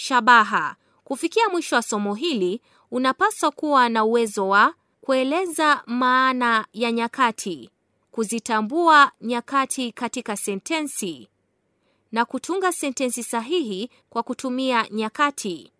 Shabaha: kufikia mwisho wa somo hili, unapaswa kuwa na uwezo wa kueleza maana ya nyakati, kuzitambua nyakati katika sentensi, na kutunga sentensi sahihi kwa kutumia nyakati.